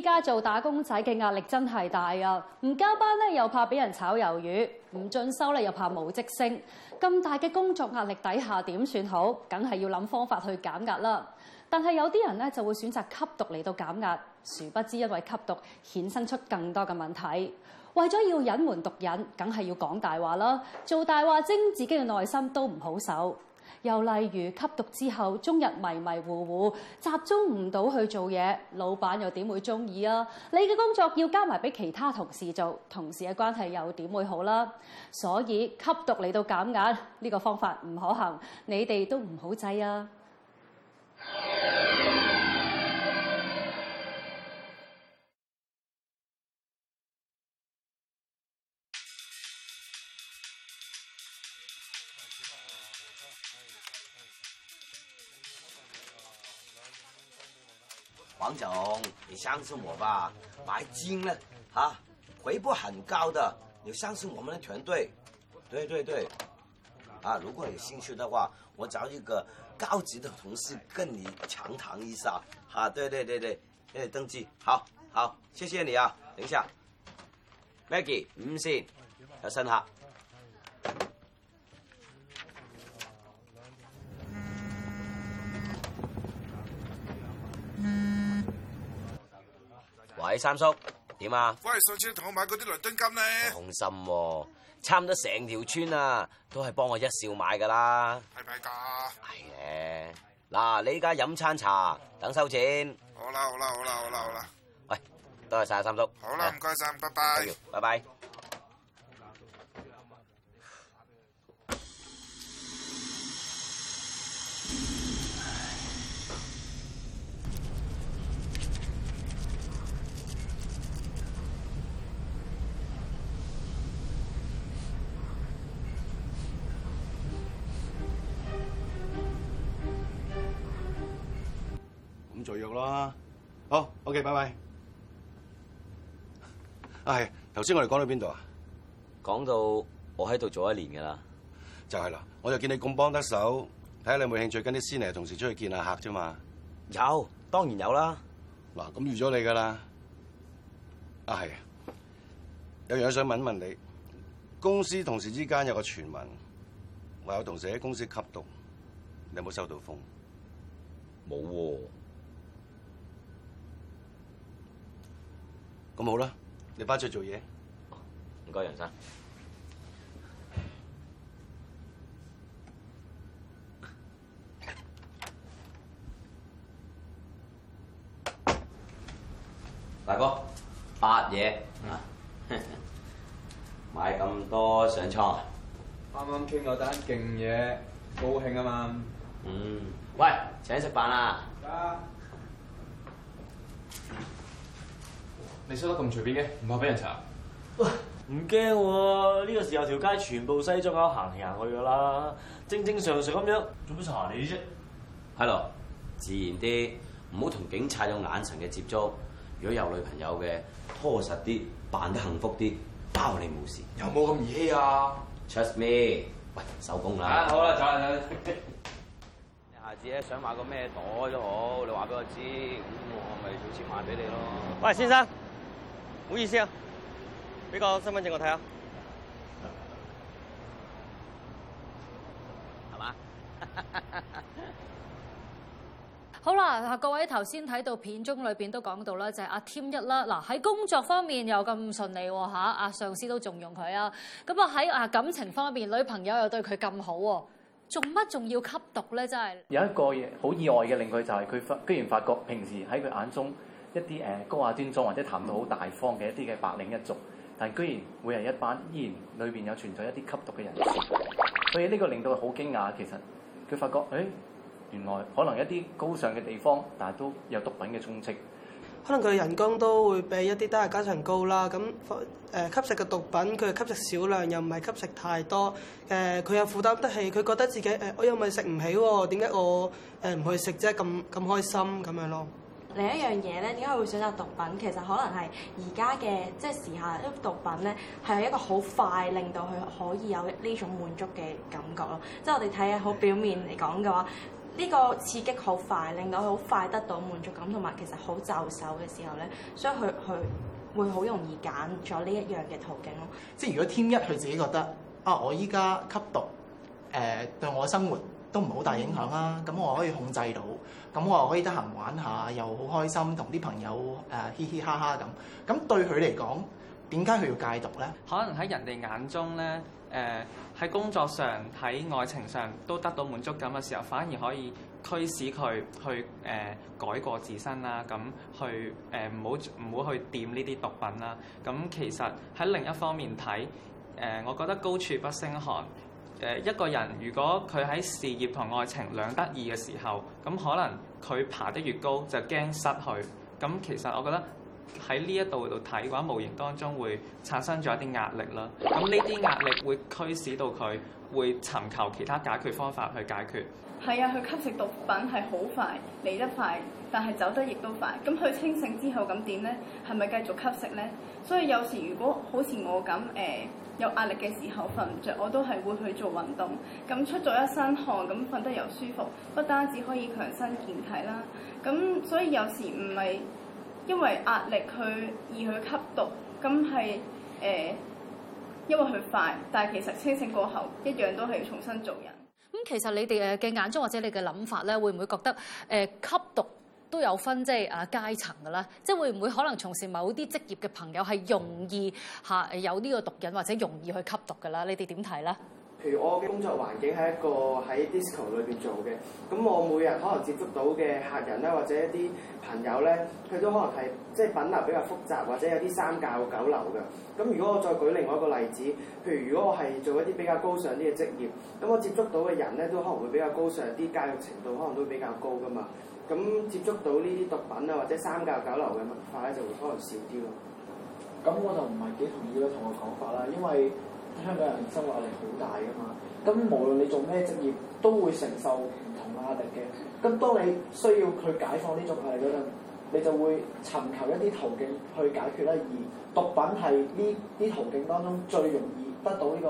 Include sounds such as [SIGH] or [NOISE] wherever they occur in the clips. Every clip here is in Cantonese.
而家做打工仔嘅壓力真係大啊！唔加班咧又怕俾人炒魷魚，唔進修咧又怕冇職升。咁大嘅工作壓力底下點算好？梗係要諗方法去減壓啦。但係有啲人咧就會選擇吸毒嚟到減壓，殊不知因為吸毒衍生出更多嘅問題，為咗要隱瞞毒癮，梗係要講大話啦。做大話精，自己嘅內心都唔好受。又例如吸毒之後，終日迷迷糊糊，集中唔到去做嘢，老闆又點會鍾意啊？你嘅工作要加埋俾其他同事做，同事嘅關係又點會好啦，啊？所以吸毒嚟到減壓，呢個方法唔可行，你哋都唔好制啊！黃總，你相信我吧，白金呢？哈、啊，回報很高的，你相信我們的團隊，對對對，啊，如果有興趣的話，我找一個高級的同事跟你詳談一下，啊，對對對對，誒，登記，好，好，謝謝你啊，等一下，Maggie，五綫，有新客哈。三叔，點啊？喂，上次同我買嗰啲倫敦金咧，放心喎，差唔多成條村啊，都係幫我一笑買㗎啦。係咪㗎？係咧。嗱，你依家飲餐茶，等收錢。好啦好啦好啦好啦好啦。喂，多謝晒三叔。好啦，唔該晒，拜拜，拜拜。好啊，好、oh,，OK，拜拜、ah, yeah, mm。啊、hmm.，係，頭先我哋講到邊度啊？講到我喺度做一年噶啦，就係啦，我就見你咁幫得手，睇下你有冇興趣跟啲師奶同事出去見下客啫嘛？有，當然有啦。嗱，咁預咗你噶啦。啊，係，ah, yeah, 有樣想問問你，公司同事之間有個傳聞，話有同事喺公司吸毒，你有冇收到風？冇喎、啊。咁好啦，你翻出去做嘢，唔該楊生。大哥，八嘢，嗯、 [LAUGHS] 買咁多上菜。啱啱傾咗單勁嘢，高興啊嘛。嗯。喂，請食飯啦。你收得咁隨便嘅，唔怕俾人查？哇，唔驚喎，呢、這個時候條街全部西裝客行嚟行去噶啦，正正常常咁樣，做乜查你啫？係咯、 [NOISE] 啊，自然啲，唔好同警察有眼神嘅接觸。如果有女朋友嘅，拖實啲，扮得幸福啲，包你冇事。有冇咁易欺啊？Trust me，喂，收工啦。啊，好啦，走啦，走啦。你下次 [LAUGHS] 想買個咩袋都好，你話俾我知，咁我咪儲錢買俾你咯。 [NOISE] 喂，先生。 [NOISE] 好意思啊，俾個身份證我睇下，係嘛是吧？ [LAUGHS] 好啦，各位頭先睇到片中裏邊都講到啦，就係阿添一啦。嗱，喺工作方面又咁順利吓，阿上司都重用佢啊。咁啊喺啊感情方面，女朋友又對佢咁好喎，做乜仲要吸毒咧？真係有一個好意外嘅令佢就係、是、佢居然發覺平時喺佢眼中。一啲誒高雅端莊或者談到好大方嘅一啲嘅白領一族，但居然每人一班依然裏邊有存在一啲吸毒嘅人士，所以呢個令到佢好驚訝。其實佢發覺誒、哎、原來可能一啲高尚嘅地方，但係都有毒品嘅充斥。可能佢人工都會比一啲低下階層高啦。咁誒、呃、吸食嘅毒品，佢係吸食少量又唔係吸食太多。誒佢又負擔得起，佢覺得自己誒、呃、我又咪食唔起喎、哦？點解我誒唔去食啫？咁咁開心咁樣咯。另一樣嘢咧，點解佢會選擇毒品？其實可能係而家嘅即係時下啲毒品咧，係一個好快令到佢可以有呢種滿足嘅感覺咯。即係我哋睇下好表面嚟講嘅話，呢個刺激好快，令到佢好、這個、快，快得到滿足感，同埋其實好就手嘅時候咧，所以佢佢會好容易揀咗呢一樣嘅途徑咯。即係如果添一，佢自己覺得啊，我依家吸毒誒、呃，對我生活。都唔好大影響啦、啊，咁我可以控制到，咁我又可以得閒玩下，又好開心，同啲朋友誒、呃、嘻嘻哈哈咁。咁對佢嚟講，點解佢要戒毒呢？可能喺人哋眼中呢，誒、呃、喺工作上、喺愛情上都得到滿足感嘅時候，反而可以驅使佢去誒、呃、改過自身啦，咁去誒唔好唔好去掂呢啲毒品啦。咁其實喺另一方面睇，誒、呃、我覺得高處不勝寒。誒一個人如果佢喺事業同愛情兩得意嘅時候，咁可能佢爬得越高就驚失去。咁其實我覺得喺呢一度度睇嘅話，無形當中會產生咗一啲壓力啦。咁呢啲壓力會驅使到佢會尋求其他解決方法去解決。係啊，佢吸食毒品係好快，嚟得快，但係走得亦都快。咁佢清醒之後咁點呢？係咪繼續吸食呢？所以有時如果好似我咁誒、呃有壓力嘅時候瞓唔着，我都係會去做運動。咁出咗一身汗，咁瞓得又舒服。不單止可以強身健體啦，咁所以有時唔係因為壓力去而去吸毒，咁係誒因為佢快，但係其實清醒過後一樣都係要重新做人。咁其實你哋誒嘅眼中，或者你嘅諗法咧，會唔會覺得誒、呃、吸毒？都有分即係啊階層㗎啦，即係會唔會可能從事某啲職業嘅朋友係容易嚇、啊、有呢個毒癮或者容易去吸毒㗎啦？你哋點睇咧？譬如我嘅工作環境係一個喺 disco 裏邊做嘅，咁我每日可能接觸到嘅客人咧或者一啲朋友咧，佢都可能係即係品流比較複雜或者有啲三教九流㗎。咁如果我再舉另外一個例子，譬如如果我係做一啲比較高尚啲嘅職業，咁我接觸到嘅人咧都可能會比較高尚啲，教育程度可能都會比較高㗎嘛。咁接觸到呢啲毒品啊，或者三教九流嘅文化咧，就會可能少啲咯。咁我就唔係幾同意啦，同個講法啦，因為香港人生活壓力好大㗎嘛。咁無論你做咩職業，都會承受唔同嘅壓力嘅。咁當你需要去解放呢種壓力嗰陣，你就會尋求一啲途徑去解決啦。而毒品係呢啲途徑當中最容易得到呢個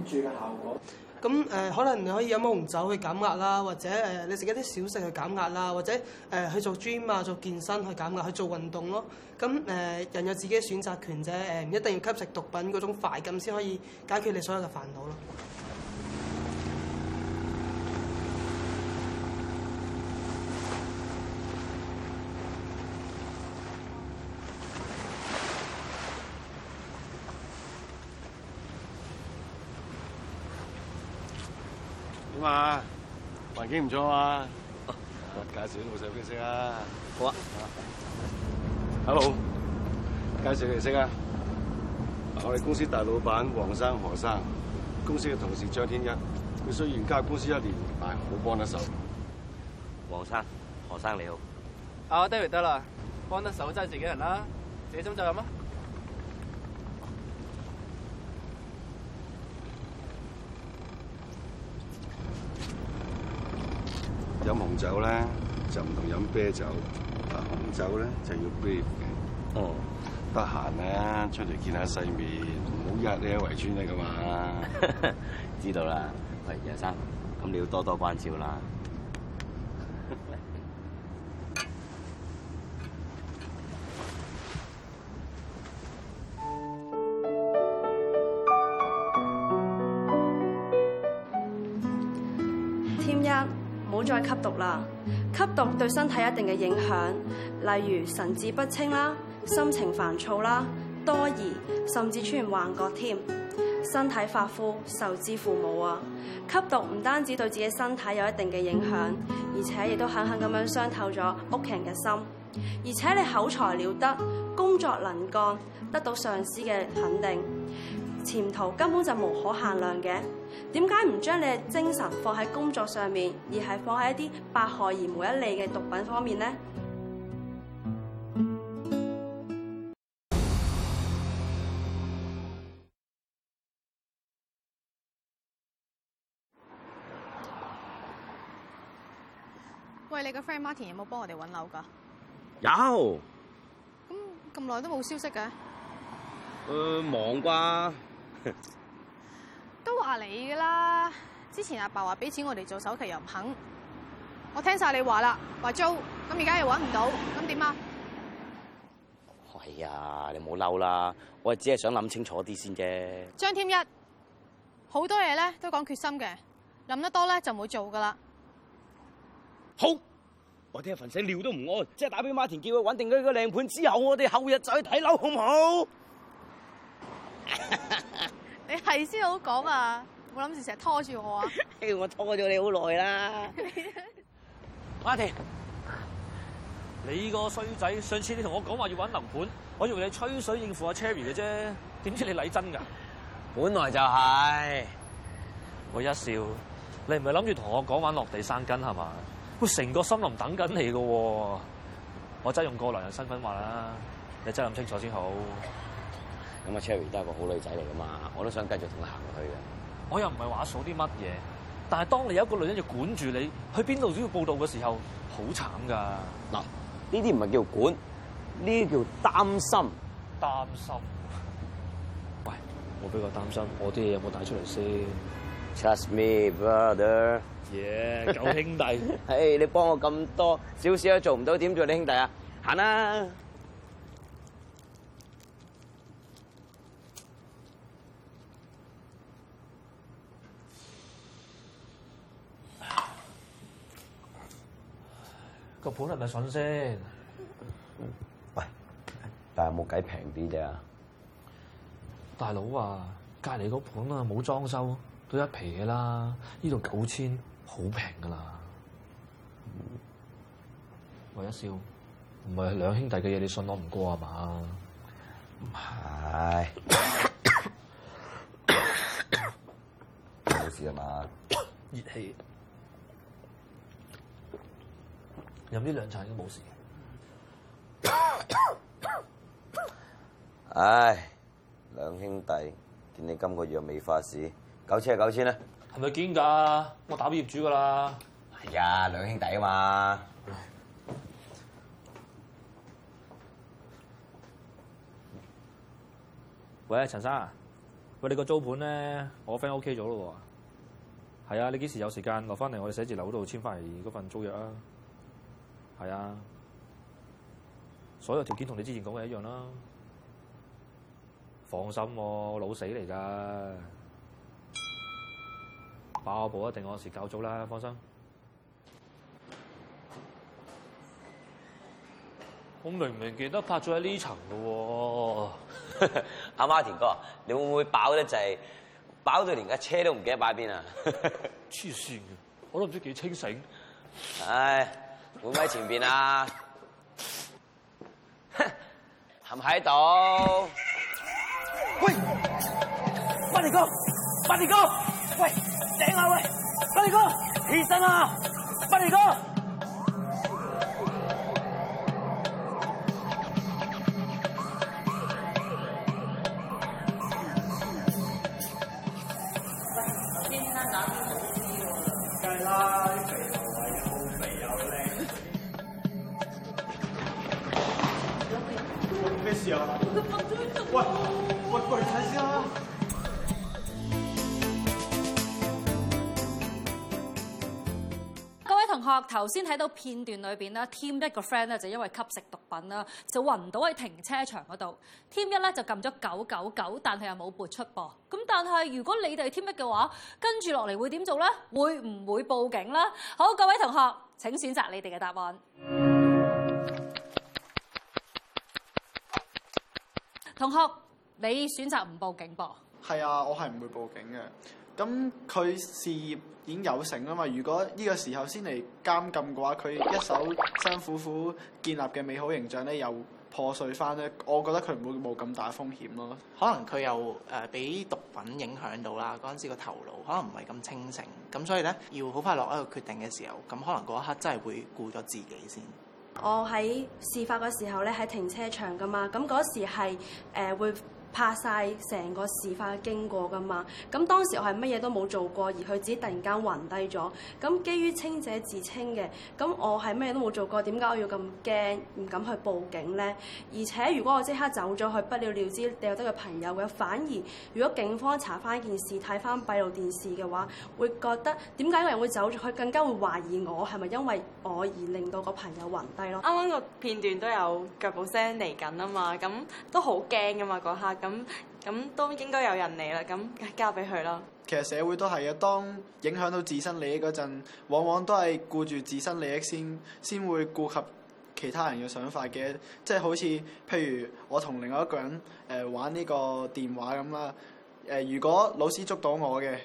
顯著嘅效果。咁誒、呃、可能你可以飲紅酒去減壓啦，或者誒、呃、你食一啲小食去減壓啦，或者誒、呃、去做 Gym 啊做健身去減壓，去做運動咯。咁誒、呃、人有自己嘅選擇權啫，誒、呃、唔一定要吸食毒品嗰種快感先可以解決你所有嘅煩惱咯。點啊？環境唔錯嘛，介紹老細俾你識啊。啊好啊，Hello，介紹你識啊。我哋公司大老闆黃生、何生，公司嘅同事張天一。佢雖然加入公司一年，但係好幫得手。黃生，何生，你好。啊得啊得啦，幫得手真係自己人啦，自己心就咁啦。酒啦，就唔同飲啤酒，紅酒咧就要杯嘅。哦，得閒咧、啊，出嚟見下世面，唔好日日喺圍村啊嘛。 [LAUGHS] 知道啦，喂楊生，咁你要多多關照啦。對身體一定嘅影響，例如神志不清啦、心情煩躁啦、多疑，甚至出現幻覺添。身體髮膚受之父母啊，吸毒唔單止對自己身體有一定嘅影響，而且亦都狠狠咁樣傷透咗屋企人嘅心。而且你口才了得，工作能幹，得到上司嘅肯定，前途根本就無可限量嘅。點解唔將你嘅精神放喺工作上面，而係放喺一啲百害而無一利嘅毒品方面呢？喂，你個 friend Martin 有冇幫我哋搵樓噶？有。咁咁耐都冇消息噶。誒、呃，忙啩。 [LAUGHS] 話、啊、你嘅啦，之前阿爸話俾錢我哋做首期又唔肯，我聽晒你話啦，話租，咁而家又揾唔到，咁點啊？係啊、哎，你冇嬲啦，我只係想諗清楚啲先啫。張添一，好多嘢咧都講決心嘅，諗得多咧就唔會做噶啦。好，我聽阿凡仔尿都唔安，即係打俾馬田叫佢揾定佢個靚盤之後，我哋後日再去睇樓好唔好？ [LAUGHS] 你係先好講啊！冇諗住成日拖住我啊！我,我, [LAUGHS] 我拖咗你好耐啦，阿迪。你個衰仔，上次你同我講話要搵樓盤，我以為你吹水應付阿 Cherry 嘅啫，點知你嚟真噶？ [LAUGHS] 本來就係、是，我一笑，你唔係諗住同我講玩落地生根係嘛？我成個森林等緊你噶，我真係用過來人身份話啦，你真係諗清楚先好。咁啊，Cherry 都係個好女仔嚟噶嘛，我都想繼續同佢行落去嘅。我又唔係話數啲乜嘢，但係當你有一個女人就管住你，去邊度都要報道嘅時候，好慘噶。嗱，呢啲唔係叫管，呢啲叫擔心。擔心。喂，我比較擔心我啲嘢有冇帶出嚟先。Trust me, brother. y e 九兄弟。嘿、 [LAUGHS] hey,，你幫我咁多少少都做唔到，點做你兄弟啊？行啦。個盤係咪順先？喂，但係冇計平啲啫。大佬啊，隔籬嗰盤啊冇裝修，都一皮啦。呢度九千好平噶啦。嗯、我一笑，唔係兩兄弟嘅嘢，你信我唔過啊嘛？唔係、哎，冇 [LAUGHS] 事啊嘛？熱氣。飲呢涼茶已經冇事。唉、哎，兩兄弟見你今個月未發市，九千啊九千啦！係咪堅㗎？我打俾業主㗎啦。係啊、哎，兩兄弟啊嘛、哎。喂，陳生，喂，你個租盤咧，我 friend OK 咗咯喎。係啊，你幾時有時間落翻嚟我哋寫字樓度簽翻嚟嗰份租約啊？係啊，所有條件同你之前講嘅一樣啦。 [NOISE] 放心，我老死嚟㗎，包保一定按時搞早啦，放心。我明明記得拍咗喺呢層嘅喎、哦。阿 Martin 哥，你會唔會飽得滯？飽到連架車都唔記得擺邊啊！黐線嘅，我都唔知幾清醒。唉、 [LAUGHS] 哎。會唔會喺前面啊？含喺度。喂，八里哥，八里哥，喂，醒下、啊、喂，八里哥，起身啊，八里哥。喂喂，過嚟睇下。各位同學，頭先睇到片段裏邊咧，添一個 friend 咧就因為吸食毒品啦，就暈倒喺停車場嗰度。添一咧就撳咗九九九，但係又冇撥出噃。咁但係如果你哋添一嘅話，跟住落嚟會點做咧？會唔會報警咧？好，各位同學請選擇你哋嘅答案。同學，你選擇唔報警噃？係啊，我係唔會報警嘅。咁佢事業已經有成啦嘛。如果呢個時候先嚟監禁嘅話，佢一手辛苦苦建立嘅美好形象咧，又破碎翻咧。我覺得佢唔會冇咁大風險咯。可能佢又誒俾、呃、毒品影響到啦。嗰陣時個頭腦可能唔係咁清醒，咁所以咧要好快落一個決定嘅時候，咁可能嗰一刻真係會顧咗自己先。我喺事發嘅時候咧，喺停車場噶嘛，咁嗰時係誒、呃、會。拍晒成個事發經過㗎嘛，咁當時我係乜嘢都冇做過，而佢自己突然間暈低咗。咁基於清者自清嘅，咁我係咩都冇做過，點解我要咁驚，唔敢去報警咧？而且如果我即刻走咗去，不了了之掉低個朋友嘅，反而如果警方查翻件事，睇翻閉路電視嘅話，會覺得點解有人會走咗，佢更加會懷疑我係咪因為我而令到個朋友暈低咯。啱啱個片段都有腳步聲嚟緊啊嘛，咁都好驚㗎嘛嗰下。咁咁都應該有人嚟啦，咁交俾佢咯。其實社會都係嘅，當影響到自身利益嗰陣，往往都係顧住自身利益先，先會顧及其他人嘅想法嘅。即係好似譬如我同另外一個人誒、呃、玩呢個電話咁啦，誒、呃、如果老師捉到我嘅。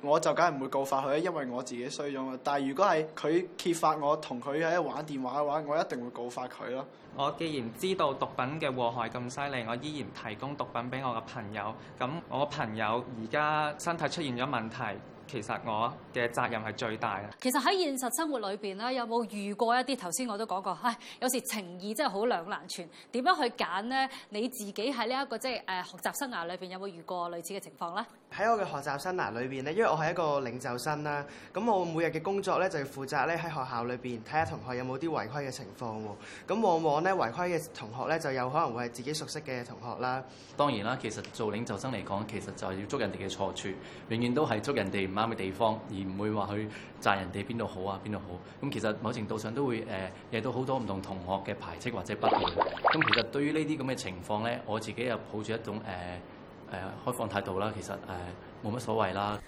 我就梗係唔會告發佢啦，因為我自己衰咗啦。但係如果係佢揭發我同佢喺玩電話嘅話，我一定會告發佢咯。我既然知道毒品嘅禍害咁犀利，我依然提供毒品俾我嘅朋友，咁我朋友而家身體出現咗問題，其實我嘅責任係最大嘅。其實喺現實生活裏邊咧，有冇遇過一啲頭先我都講過，唉，有時情義真係好兩難全，點樣去揀呢？你自己喺呢一個即係誒學習生涯裏邊有冇遇過類似嘅情況呢？喺我嘅學習生涯裏邊咧，因為我係一個領袖生啦，咁我每日嘅工作咧就要負責咧喺學校裏邊睇下同學有冇啲違規嘅情況喎，咁往往咧違規嘅同學咧就有可能會係自己熟悉嘅同學啦。當然啦，其實做領袖生嚟講，其實就係要捉人哋嘅錯處，永遠都係捉人哋唔啱嘅地方，而唔會話去讚人哋邊度好啊邊度好。咁其實某程度上都會誒、呃、惹到好多唔同同學嘅排斥或者不滿。咁其實對於呢啲咁嘅情況咧，我自己又抱住一種誒，呃係啊、呃，開放態度啦，其實誒冇乜所謂啦。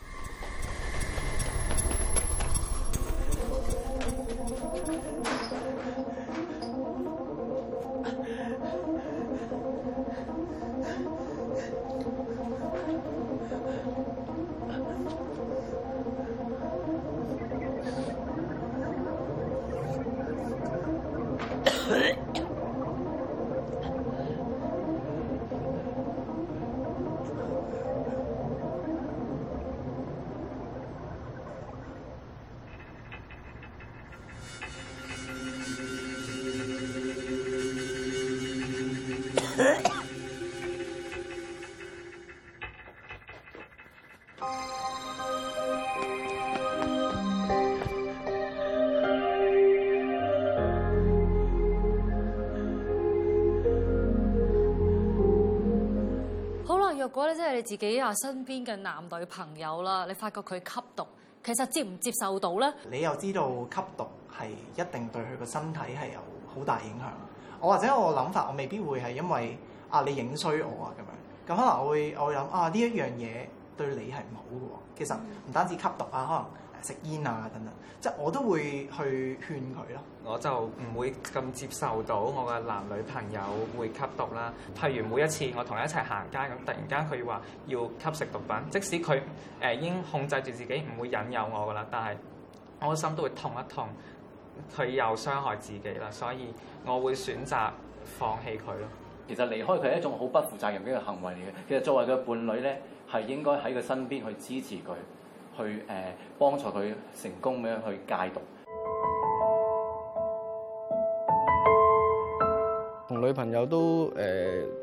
[LAUGHS] 如果咧，即係你自己啊，身邊嘅男女朋友啦，你發覺佢吸毒，其實接唔接受到咧？你又知道吸毒係一定對佢個身體係有好大影響。我或者我諗法，我未必會係因為啊，你影衰我啊咁樣。咁可能我會我會諗啊，呢一樣嘢對你係唔好嘅。其實唔單止吸毒啊，可能。食煙啊等等，即係我都會去勸佢咯。我就唔會咁接受到我嘅男女朋友會吸毒啦。譬如每一次我同佢一齊行街，咁突然間佢話要吸食毒品，即使佢誒已經控制住自己唔會引誘我噶啦，但係我個心都會痛一痛，佢又傷害自己啦，所以我會選擇放棄佢咯。其實離開佢係一種好不負責任嘅行為嚟嘅。其實作為個伴侶咧，係應該喺佢身邊去支持佢。去誒，幫助佢成功咁樣去戒毒。女朋友都誒、呃、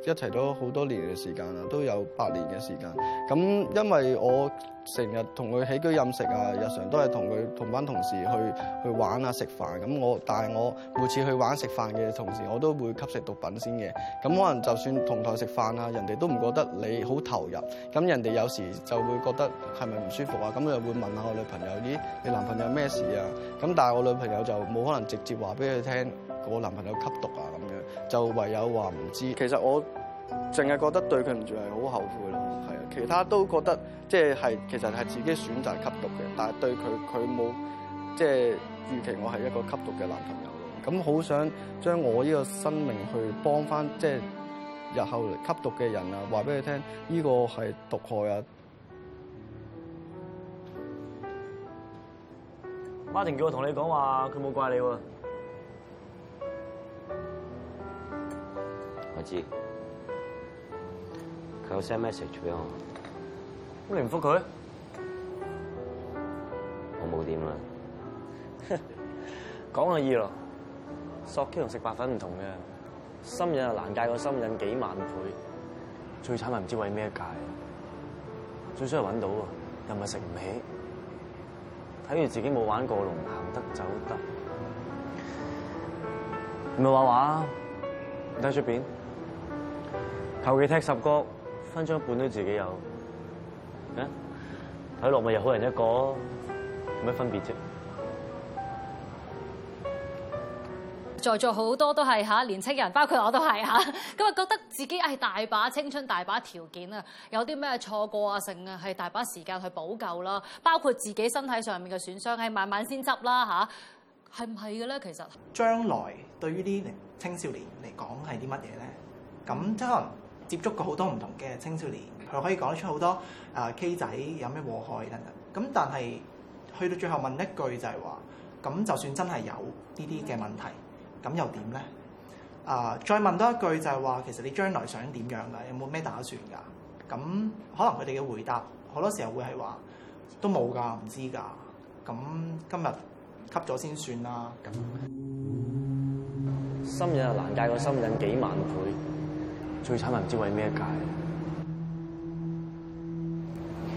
一齊都好多年嘅時間啦，都有八年嘅時間，咁因為我成日同佢起居飲食啊，日常都係同佢同班同事去去玩啊、食飯，咁我但係我每次去玩食飯嘅同時我都會吸食毒品先嘅。咁可能就算同台食飯啊，人哋都唔覺得你好投入。咁人哋有時就會覺得係咪唔舒服啊？咁又會問下我女朋友：咦，你男朋友咩事啊？咁但係我女朋友就冇可能直接話俾佢聽我男朋友吸毒啊咁樣。就唯有話唔知，其實我淨係覺得對佢唔住係好後悔咯，係啊，其他都覺得即係其實係自己選擇吸毒嘅，但係對佢佢冇即係預期我係一個吸毒嘅男朋友咯，咁好想將我呢個生命去幫翻即係日後吸毒嘅人啊，話俾佢聽呢個係毒害啊。Martin 叫我同你講話，佢冇怪你喎。知佢有 send message 俾我，咁你唔復佢？我冇點啊。講下易咯。索 Q 同食白粉唔同嘅，心癮又難戒過心癮幾萬倍，最慘係唔知為咩戒，最衰係揾到喎，又唔係食唔起，睇住自己冇玩過龍行，行得走得，唔係畫畫，唔睇出片。後期踢十局，分鐘一半都自己有。睇落咪又好人一個，有咩分別啫？在座好多都係嚇、啊、年青人，包括我都係嚇。咁啊，覺得自己係大把青春、大把條件啊，有啲咩錯過啊，成啊係大把時間去補救啦。包括自己身體上面嘅損傷，係慢慢先執啦嚇。係唔係嘅咧？其實將來對於啲青少年嚟講係啲乜嘢咧？咁即可能。接觸過好多唔同嘅青少年，佢可以講得出好多啊、呃、K 仔有咩禍害等等。咁但係去到最後問一句就係話，咁就算真係有呢啲嘅問題，咁又點咧？啊、呃，再問多一句就係話，其實你將來想點樣噶？有冇咩打算噶？咁可能佢哋嘅回答好多時候會係話都冇噶，唔知噶。咁今日吸咗先算啦。咁，心癮又難戒過心癮幾萬倍。最慘係唔知為咩解。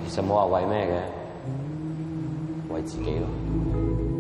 其實冇話為咩嘅，為自己咯。